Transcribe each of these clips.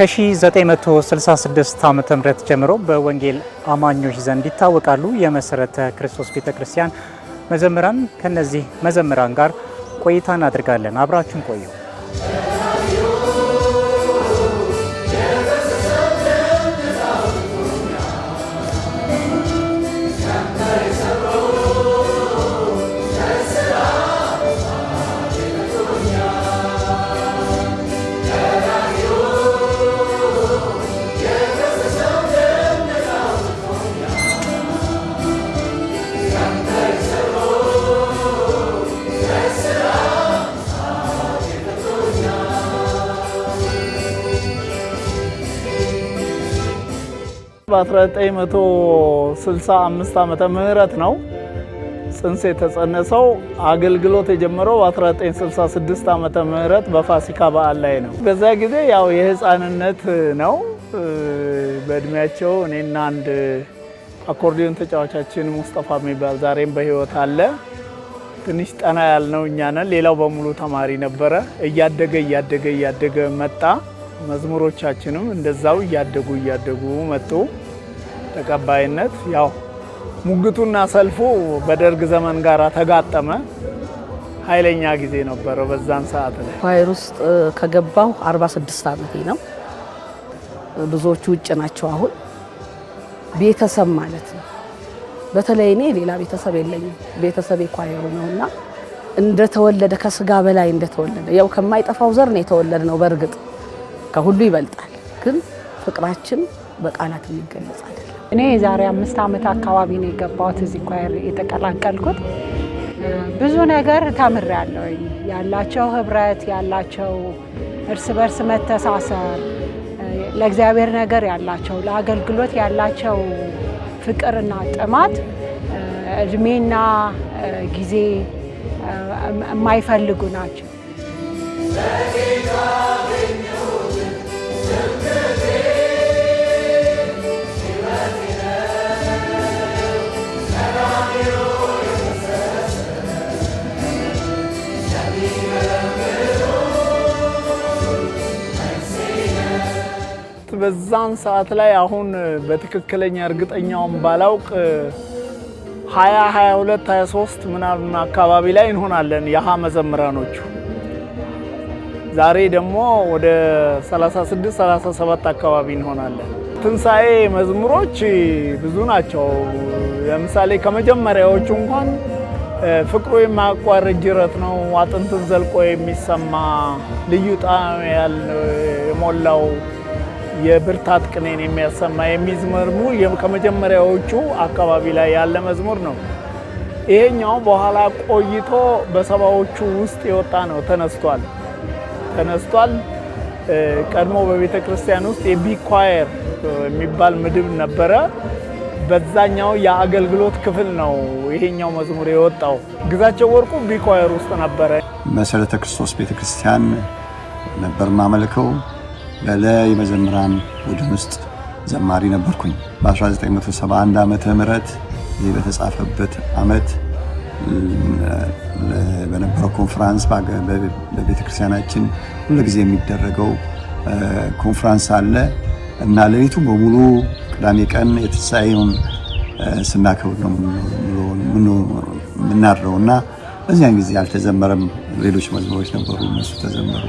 ከ1966 ዓ ም ጀምሮ በወንጌል አማኞች ዘንድ ይታወቃሉ የመሰረተ ክርስቶስ ቤተ ክርስቲያን መዘምራን። ከነዚህ መዘምራን ጋር ቆይታ እናድርጋለን። አብራችን ቆዩ። በ1965 ዓመተ ምህረት ነው ጽንስ የተጸነሰው። አገልግሎት የጀመረው በ1966 ዓመተ ምህረት በፋሲካ በዓል ላይ ነው። በዛ ጊዜ ያው የህፃንነት ነው። በእድሜያቸው እኔና አንድ አኮርዲዮን ተጫዋቻችን ሙስጠፋ የሚባል ዛሬም በህይወት አለ። ትንሽ ጠና ያልነው እኛ ነን። ሌላው በሙሉ ተማሪ ነበረ። እያደገ እያደገ እያደገ መጣ። መዝሙሮቻችንም እንደዛው እያደጉ እያደጉ መጡ። ተቀባይነት ያው ሙግቱና ሰልፉ በደርግ ዘመን ጋር ተጋጠመ። ኃይለኛ ጊዜ ነበረው በዛን ሰዓት ላይ። ፋይር ውስጥ ከገባሁ 46 ዓመቴ ነው። ብዙዎቹ ውጭ ናቸው። አሁን ቤተሰብ ማለት ነው። በተለይ እኔ ሌላ ቤተሰብ የለኝም። ቤተሰብ ኳየሩ ነው እና እንደተወለደ ከስጋ በላይ እንደተወለደ ያው ከማይጠፋው ዘር ነው የተወለደ ነው። በእርግጥ ከሁሉ ይበልጣል፣ ግን ፍቅራችን በቃላት የሚገለጻል። እኔ የዛሬ አምስት ዓመት አካባቢ ነው የገባሁት እዚህ ኳየር የተቀላቀልኩት። ብዙ ነገር ተምሬያለሁ። ያላቸው ህብረት፣ ያላቸው እርስ በርስ መተሳሰር፣ ለእግዚአብሔር ነገር ያላቸው፣ ለአገልግሎት ያላቸው ፍቅርና ጥማት እድሜና ጊዜ የማይፈልጉ ናቸው። በዛን ሰዓት ላይ አሁን በትክክለኛ እርግጠኛውን ባላውቅ 20 22 23 ምናምን አካባቢ ላይ እንሆናለን የሀ መዘምራኖቹ። ዛሬ ደግሞ ወደ 36 37 አካባቢ እንሆናለን። ትንሣኤ መዝሙሮች ብዙ ናቸው። ለምሳሌ ከመጀመሪያዎቹ እንኳን ፍቅሩ የማያቋርጥ ጅረት ነው፣ አጥንትን ዘልቆ የሚሰማ ልዩ ጣዕም የሞላው የብርታት ቅኔን የሚያሰማ የሚዝ ከመጀመሪያዎቹ አካባቢ ላይ ያለ መዝሙር ነው። ይሄኛው በኋላ ቆይቶ በሰባዎቹ ውስጥ የወጣ ነው። ተነስቷል ተነስቷል። ቀድሞ በቤተ ክርስቲያን ውስጥ የቢኳየር የሚባል ምድብ ነበረ። በዛኛው የአገልግሎት ክፍል ነው ይሄኛው መዝሙር የወጣው። ግዛቸው ወርቁ ቢኳየር ውስጥ ነበረ። መሰረተ ክርስቶስ ቤተ ክርስቲያን ነበር ማመልከው በላይ መዘምራን ቡድን ውስጥ ዘማሪ ነበርኩኝ። በ1971 ዓ ም ይህ በተጻፈበት ዓመት በነበረው ኮንፍራንስ በቤተክርስቲያናችን ጊዜ የሚደረገው ኮንፍራንስ አለ እና ሌሊቱ በሙሉ ቅዳሜ ቀን የትንሣኤውን ስናከብር ነው የምናድረው እና በዚያን ጊዜ አልተዘመረም። ሌሎች መዝሙሮች ነበሩ፣ እነሱ ተዘመሩ።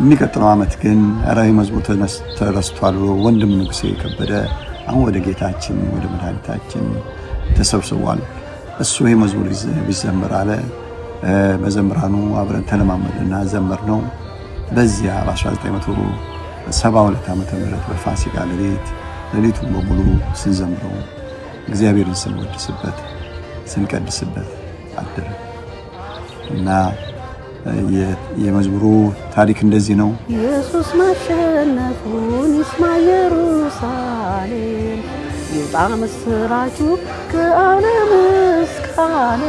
የሚቀጥለው ዓመት ግን ራዊ መዝሙር ተረስቷል ብሎ ወንድም ንጉሴ የከበደ አሁን ወደ ጌታችን ወደ መድኃኒታችን ተሰብስቧል። እሱ ይህ መዝሙር ቢዘምር አለ። መዘምራኑ አብረን ተለማመድና ዘመር ነው። በዚያ በ1972 ዓ ም በፋሲካ ሌሊት ሌሊቱን በሙሉ ስንዘምረው እግዚአብሔርን ስንወድስበት ስንቀድስበት አደረ እና የመዝሙሩ ታሪክ እንደዚህ ነው። ኢየሱስ ማሸነፉን ይስማ ኢየሩሳሌም፣ ይውጣ ምስራቹ ከዓለም እስካለ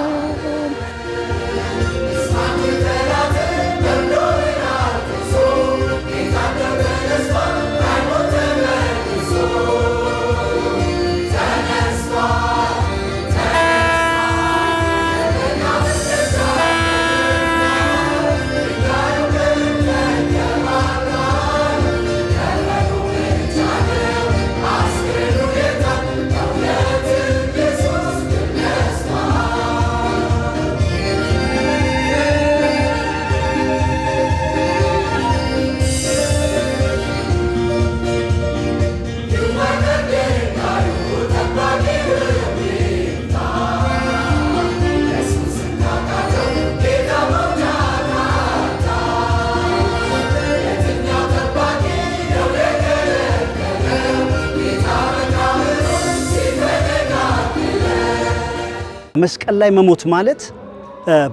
መስቀል ላይ መሞት ማለት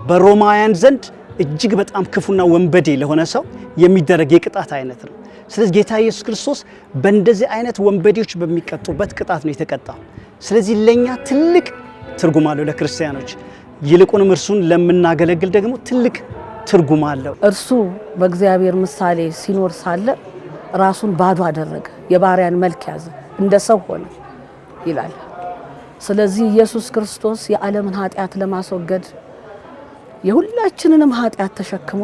በሮማውያን ዘንድ እጅግ በጣም ክፉና ወንበዴ ለሆነ ሰው የሚደረግ የቅጣት አይነት ነው። ስለዚህ ጌታ ኢየሱስ ክርስቶስ በእንደዚህ አይነት ወንበዴዎች በሚቀጡበት ቅጣት ነው የተቀጣው። ስለዚህ ለእኛ ትልቅ ትርጉም አለው ለክርስቲያኖች፣ ይልቁንም እርሱን ለምናገለግል ደግሞ ትልቅ ትርጉም አለው። እርሱ በእግዚአብሔር ምሳሌ ሲኖር ሳለ ራሱን ባዶ አደረገ፣ የባሪያን መልክ ያዘ፣ እንደ ሰው ሆነ ይላል። ስለዚህ ኢየሱስ ክርስቶስ የዓለምን ኃጢአት ለማስወገድ የሁላችንንም ኃጢአት ተሸክሞ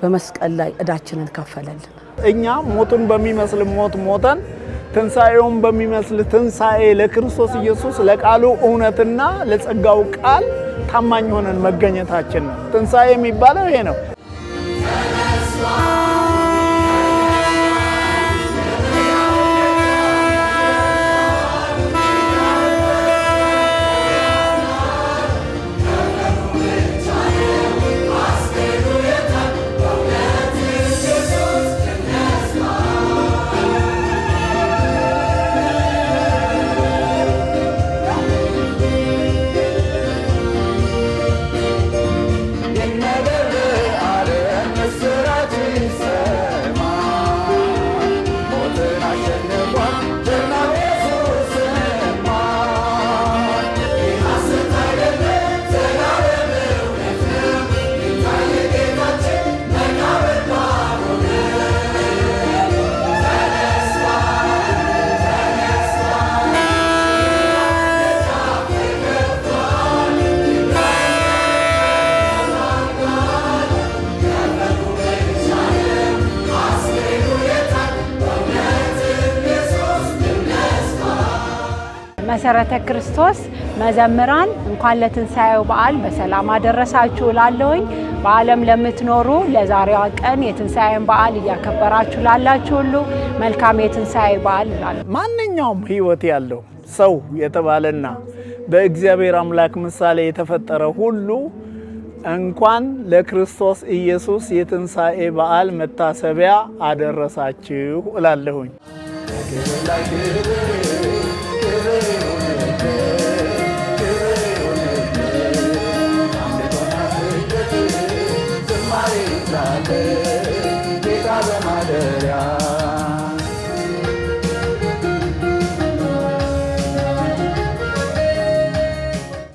በመስቀል ላይ እዳችንን ከፈለልን። እኛ ሞቱን በሚመስል ሞት ሞተን ትንሣኤውን በሚመስል ትንሣኤ ለክርስቶስ ኢየሱስ ለቃሉ እውነትና ለጸጋው ቃል ታማኝ ሆነን መገኘታችን ነው። ትንሣኤ የሚባለው ይሄ ነው። መሰረተ ክርስቶስ መዘምራን እንኳን ለትንሣኤው በዓል በሰላም አደረሳችሁ ላለውኝ በዓለም ለምትኖሩ ለዛሬዋ ቀን የትንሣኤን በዓል እያከበራችሁ ላላችሁ ሁሉ መልካም የትንሣኤ በዓል ላለ ማንኛውም ህይወት ያለው ሰው የተባለና በእግዚአብሔር አምላክ ምሳሌ የተፈጠረ ሁሉ እንኳን ለክርስቶስ ኢየሱስ የትንሣኤ በዓል መታሰቢያ አደረሳችሁ እላለሁኝ።